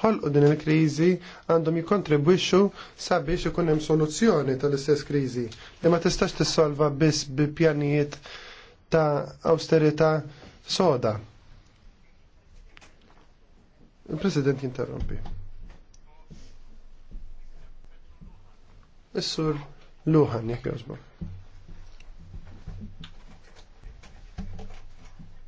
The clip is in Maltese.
Ħolqu din il-kriżi għandhom jikontribwixxu sabiex ikun hemm soluzzjoni tal-istess kriżi li ma tistax tissolva biss bi pjanijiet ta' austerità soda. Il-President jinterrompi. Is-sur Luhan jekk jogħġbok.